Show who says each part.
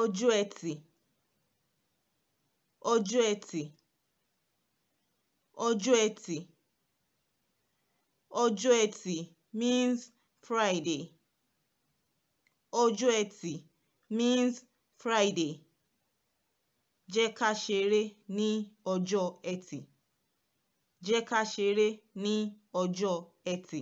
Speaker 1: ọjọ́ ẹtì ọjọ́ ẹtì ọjọ́ ẹtì ọjọ́ ẹtì means Friday ọjọ́ ẹtì means Friday jẹ́ ká ṣeré ní ọjọ́ ẹtì jẹ́ ká ṣeré ní ọjọ́
Speaker 2: ẹtì.